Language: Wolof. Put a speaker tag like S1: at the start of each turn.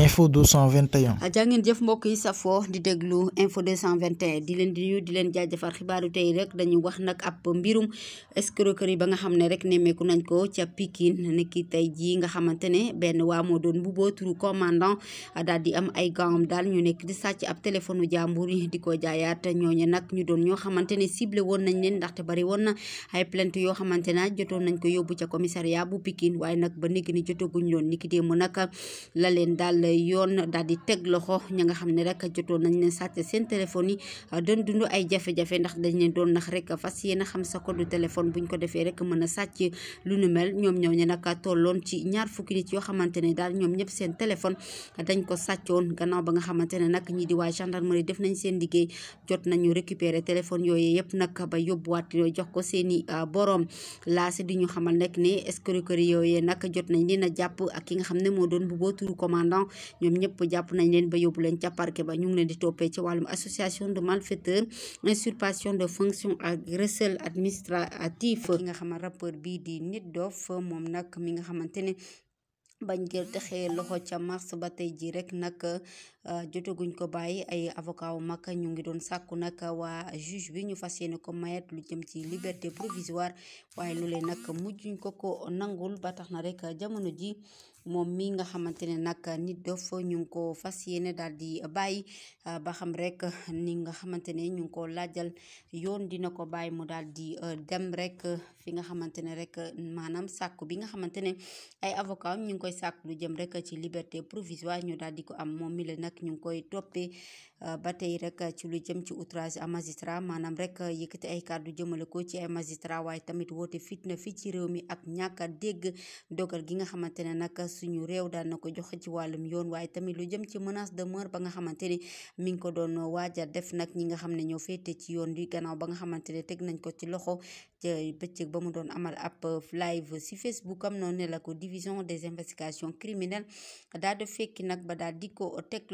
S1: info 221. Ah, jaa ngeen jëf mbokk yi safoo di déglu info di leen di nuyu xibaaru tey rek dañu wax nag ab mbirum yi ba nga xam ne rek nemmeeku nañ ko ca Pikine ne ki tey jii nga xamante ne benn waa moo doon mbubboo turu commandant daal di am ay gants daal ñu nekk di sàcc ab téléphone jaambur yi di ko jaayaat ñooñu nag ñu doon ñoo xamante ne ciblé woon nañ leen ndaxte bari woon na ay plainte yoo xamante ne jotoon nañ ko yóbbu ca commissariat bu Pikine waaye nag ba négg yoon daal di teg loxo ña nga xam ne rek jotoon nañ leen sàcc seen téléphone yi ah, doon dund ay jafe-jafe ndax dañ doon nax rek fas yéen xam sa code téléphone buñ ko defee rek mën a sàcc lu nu mel ñoom ñoo ñu nag tolloon ci ñaar fukki nit yoo xamante ne daal ñoom ñëpp seen téléphone dañ ko sàccoon gannaaw ba nga xamante ne nag ñii di waa gendarmerie def nañ seen liggéey jot nañu récupérer téléphone yooyu yëpp nag ba yóbbuwaat yooyu jox ko seeni ah, borom laasi di ñu xamal nekk ne escroquerie yooyu nag jot nañ leen a jàpp ak ki ñoom ñëpp jàpp nañ leen ba yóbbu leen ca parquet ba ñu ngi leen di toppee ci wàllum association de malfaiteurs usurpation de fonction ak recel administratif nga xam rappeur bii di Nit Doff moom nag mi nga xamante ne bañ jël texee loxo ca mars ba tey jii rek nag euh, jotaguñ ko bàyyi ay avocat wu mag ñu ngi doon sàkku nag waa juge bi ñu fas yéene ko mayat lu jëm ci liberté provisoire waaye loole nag mujjuñ ko ko nangul ba tax na rek jamono ji moom mi nga xamante ne nag nit dof ñu ngi ko fas yéene daal di bàyyi euh, ba xam rek ni nga xamante ne ñu ngi ko laajal yoon dina ko bàyyi mu daal di euh, dem rek fi nga xamante ne rek maanaam sàkku bi nga xamante ne ay avocat koy sàkk lu jëm rek ci liberté provisoire ñu daal ko am moom mi la nag ñu ngi koy toppee euh, ba tey rek ci lu jëm ci outrage à magistrat maanaam rek yëkkati ay ay magistrat waaye tamit ci réew mi ak ñàkk a dégg dogal gi nga xamante ne nag suñu réew daal na ko joxe ci wàllum yoon waaye tamit lu jëm ci menace de mort ba nga xamante ni mi ngi ko doon waaja def nag ñi nga xam ne ñoo féete ci yoon bi gannaaw ba nga xamante ne teg nañ ko ci loxo bëccëg ba mu doon amal ab live si investigation criminelle daal di fekki nag ba daal di ko teg